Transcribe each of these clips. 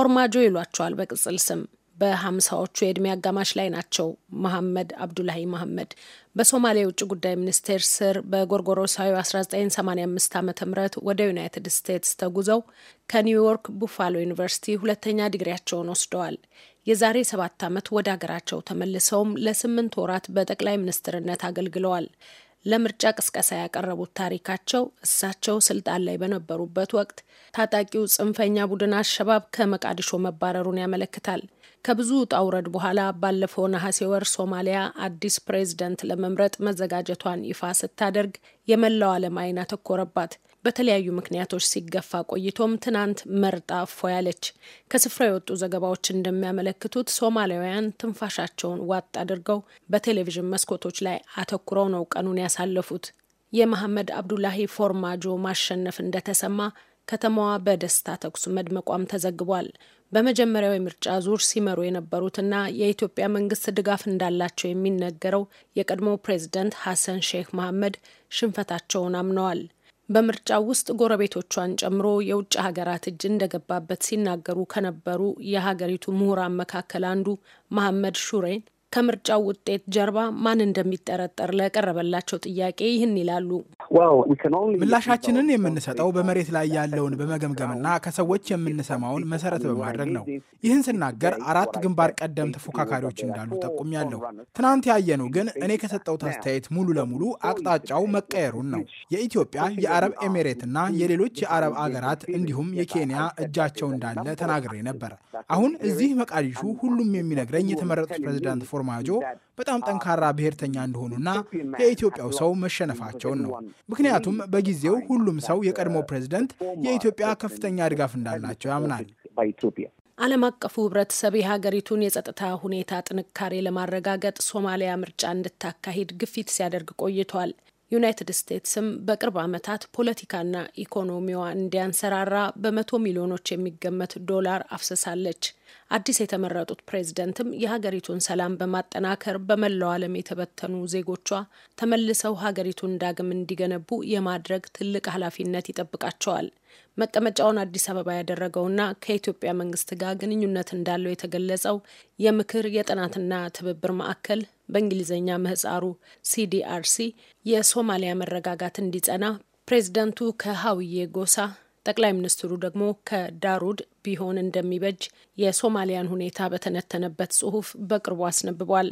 ፎርማጆ ይሏቸዋል በቅጽል ስም። በሀምሳዎቹ የእድሜ አጋማሽ ላይ ናቸው መሐመድ አብዱላሂ መሐመድ በሶማሌ የውጭ ጉዳይ ሚኒስቴር ስር በጎርጎሮሳዊ 1985 ዓ ም ወደ ዩናይትድ ስቴትስ ተጉዘው ከኒውዮርክ ቡፋሎ ዩኒቨርሲቲ ሁለተኛ ዲግሪያቸውን ወስደዋል። የዛሬ ሰባት ዓመት ወደ አገራቸው ተመልሰውም ለስምንት ወራት በጠቅላይ ሚኒስትርነት አገልግለዋል። ለምርጫ ቅስቀሳ ያቀረቡት ታሪካቸው እሳቸው ስልጣን ላይ በነበሩበት ወቅት ታጣቂው ጽንፈኛ ቡድን አሸባብ ከመቃዲሾ መባረሩን ያመለክታል። ከብዙ ውጣ ውረድ በኋላ ባለፈው ነሐሴ ወር ሶማሊያ አዲስ ፕሬዝደንት ለመምረጥ መዘጋጀቷን ይፋ ስታደርግ የመላው ዓለም ዓይን አተኮረባት። በተለያዩ ምክንያቶች ሲገፋ ቆይቶም ትናንት መርጣ እፎ ያለች። ከስፍራ የወጡ ዘገባዎች እንደሚያመለክቱት ሶማሊያውያን ትንፋሻቸውን ዋጥ አድርገው በቴሌቪዥን መስኮቶች ላይ አተኩረው ነው ቀኑን ያሳለፉት። የመሐመድ አብዱላሂ ፎርማጆ ማሸነፍ እንደተሰማ ከተማዋ በደስታ ተኩስ መድመቋም ተዘግቧል። በመጀመሪያው የምርጫ ዙር ሲመሩ የነበሩትና የኢትዮጵያ መንግስት ድጋፍ እንዳላቸው የሚነገረው የቀድሞ ፕሬዝደንት ሐሰን ሼክ መሐመድ ሽንፈታቸውን አምነዋል። በምርጫው ውስጥ ጎረቤቶቿን ጨምሮ የውጭ ሀገራት እጅ እንደገባበት ሲናገሩ ከነበሩ የሀገሪቱ ምሁራን መካከል አንዱ መሐመድ ሹሬን ከምርጫው ውጤት ጀርባ ማን እንደሚጠረጠር ለቀረበላቸው ጥያቄ ይህን ይላሉ። ምላሻችንን የምንሰጠው በመሬት ላይ ያለውን በመገምገምና ከሰዎች የምንሰማውን መሰረት በማድረግ ነው። ይህን ስናገር አራት ግንባር ቀደም ተፎካካሪዎች እንዳሉ ጠቁሜያለሁ። ትናንት ያየነው ግን እኔ ከሰጠሁት አስተያየት ሙሉ ለሙሉ አቅጣጫው መቀየሩን ነው። የኢትዮጵያ፣ የአረብ ኤሜሬትና የሌሎች የአረብ አገራት እንዲሁም የኬንያ እጃቸው እንዳለ ተናግሬ ነበር። አሁን እዚህ መቃዲሹ ሁሉም የሚነግረኝ የተመረጡት ፕሬዚዳንት ፎርማጆ በጣም ጠንካራ uh, ብሔርተኛ እንደሆኑና የኢትዮጵያው ሰው መሸነፋቸውን ነው። ምክንያቱም በጊዜው ሁሉም ሰው uh, የቀድሞ ፕሬዝደንት የኢትዮጵያ ከፍተኛ ድጋፍ እንዳላቸው ያምናል። ዓለም አቀፉ ህብረተሰብ የሀገሪቱን የጸጥታ ሁኔታ ጥንካሬ ለማረጋገጥ ሶማሊያ ምርጫ እንድታካሂድ ግፊት ሲያደርግ ቆይቷል። ዩናይትድ ስቴትስም በቅርብ ዓመታት ፖለቲካና ኢኮኖሚዋ እንዲያንሰራራ በመቶ ሚሊዮኖች የሚገመት ዶላር አፍስሳለች። አዲስ የተመረጡት ፕሬዝደንትም የሀገሪቱን ሰላም በማጠናከር በመላው ዓለም የተበተኑ ዜጎቿ ተመልሰው ሀገሪቱን ዳግም እንዲገነቡ የማድረግ ትልቅ ኃላፊነት ይጠብቃቸዋል። መቀመጫውን አዲስ አበባ ያደረገውና ከኢትዮጵያ መንግስት ጋር ግንኙነት እንዳለው የተገለጸው የምክር የጥናትና ትብብር ማዕከል በእንግሊዝኛ ምህጻሩ ሲዲአርሲ የሶማሊያ መረጋጋት እንዲጸና ፕሬዚዳንቱ ከሀውዬ ጎሳ ጠቅላይ ሚኒስትሩ ደግሞ ከዳሩድ ቢሆን እንደሚበጅ የሶማሊያን ሁኔታ በተነተነበት ጽሁፍ በቅርቡ አስነብቧል።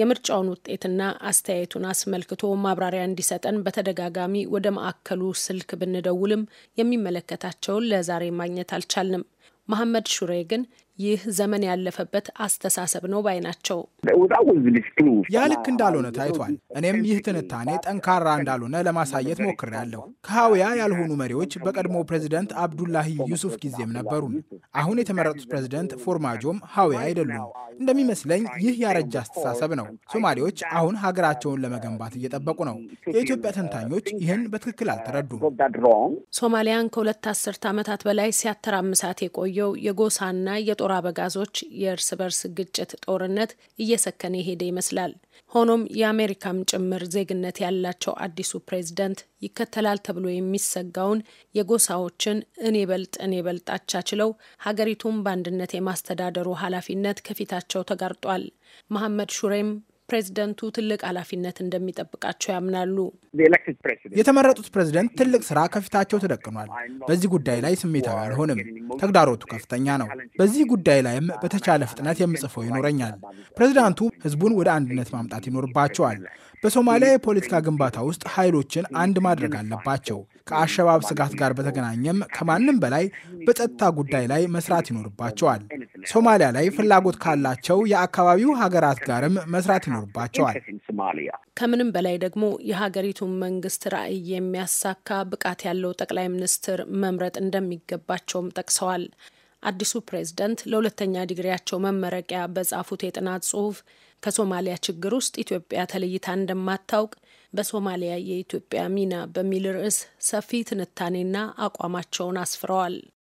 የምርጫውን ውጤትና አስተያየቱን አስመልክቶ ማብራሪያ እንዲሰጠን በተደጋጋሚ ወደ ማዕከሉ ስልክ ብንደውልም የሚመለከታቸውን ለዛሬ ማግኘት አልቻልንም። መሐመድ ሹሬ ግን ይህ ዘመን ያለፈበት አስተሳሰብ ነው ባይ ናቸው። ያ ልክ እንዳልሆነ ታይቷል። እኔም ይህ ትንታኔ ጠንካራ እንዳልሆነ ለማሳየት ሞክሬያለሁ። ከሀውያ ያልሆኑ መሪዎች በቀድሞ ፕሬዚደንት አብዱላሂ ዩሱፍ ጊዜም ነበሩን። አሁን የተመረጡት ፕሬዚደንት ፎርማጆም ሀውያ አይደሉም። እንደሚመስለኝ ይህ ያረጀ አስተሳሰብ ነው። ሶማሌዎች አሁን ሀገራቸውን ለመገንባት እየጠበቁ ነው። የኢትዮጵያ ተንታኞች ይህን በትክክል አልተረዱም። ሶማሊያን ከሁለት አስርት ዓመታት በላይ ሲያተራምሳት የቆየ የቆየው የጎሳና የጦር አበጋዞች የእርስ በርስ ግጭት ጦርነት እየሰከነ የሄደ ይመስላል። ሆኖም የአሜሪካም ጭምር ዜግነት ያላቸው አዲሱ ፕሬዝደንት ይከተላል ተብሎ የሚሰጋውን የጎሳዎችን እኔ በልጥ እኔ በልጥ አቻችለው ሀገሪቱን በአንድነት የማስተዳደሩ ኃላፊነት ከፊታቸው ተጋርጧል። መሐመድ ሹሬም ፕሬዚደንቱ ትልቅ ኃላፊነት እንደሚጠብቃቸው ያምናሉ። የተመረጡት ፕሬዝደንት ትልቅ ስራ ከፊታቸው ተደቅኗል። በዚህ ጉዳይ ላይ ስሜታዊ አልሆንም። ተግዳሮቱ ከፍተኛ ነው። በዚህ ጉዳይ ላይም በተቻለ ፍጥነት የምጽፈው ይኖረኛል። ፕሬዚዳንቱ ህዝቡን ወደ አንድነት ማምጣት ይኖርባቸዋል። በሶማሊያ የፖለቲካ ግንባታ ውስጥ ኃይሎችን አንድ ማድረግ አለባቸው። ከአሸባብ ስጋት ጋር በተገናኘም ከማንም በላይ በጸጥታ ጉዳይ ላይ መስራት ይኖርባቸዋል። ሶማሊያ ላይ ፍላጎት ካላቸው የአካባቢው ሀገራት ጋርም መስራት ይኖርባቸዋል። ከምንም በላይ ደግሞ የሀገሪቱን መንግስት ራዕይ የሚያሳካ ብቃት ያለው ጠቅላይ ሚኒስትር መምረጥ እንደሚገባቸውም ጠቅሰዋል። አዲሱ ፕሬዝደንት ለሁለተኛ ዲግሪያቸው መመረቂያ በጻፉት የጥናት ጽሁፍ ከሶማሊያ ችግር ውስጥ ኢትዮጵያ ተለይታ እንደማታውቅ በሶማሊያ የኢትዮጵያ ሚና በሚል ርዕስ ሰፊ ትንታኔና አቋማቸውን አስፍረዋል።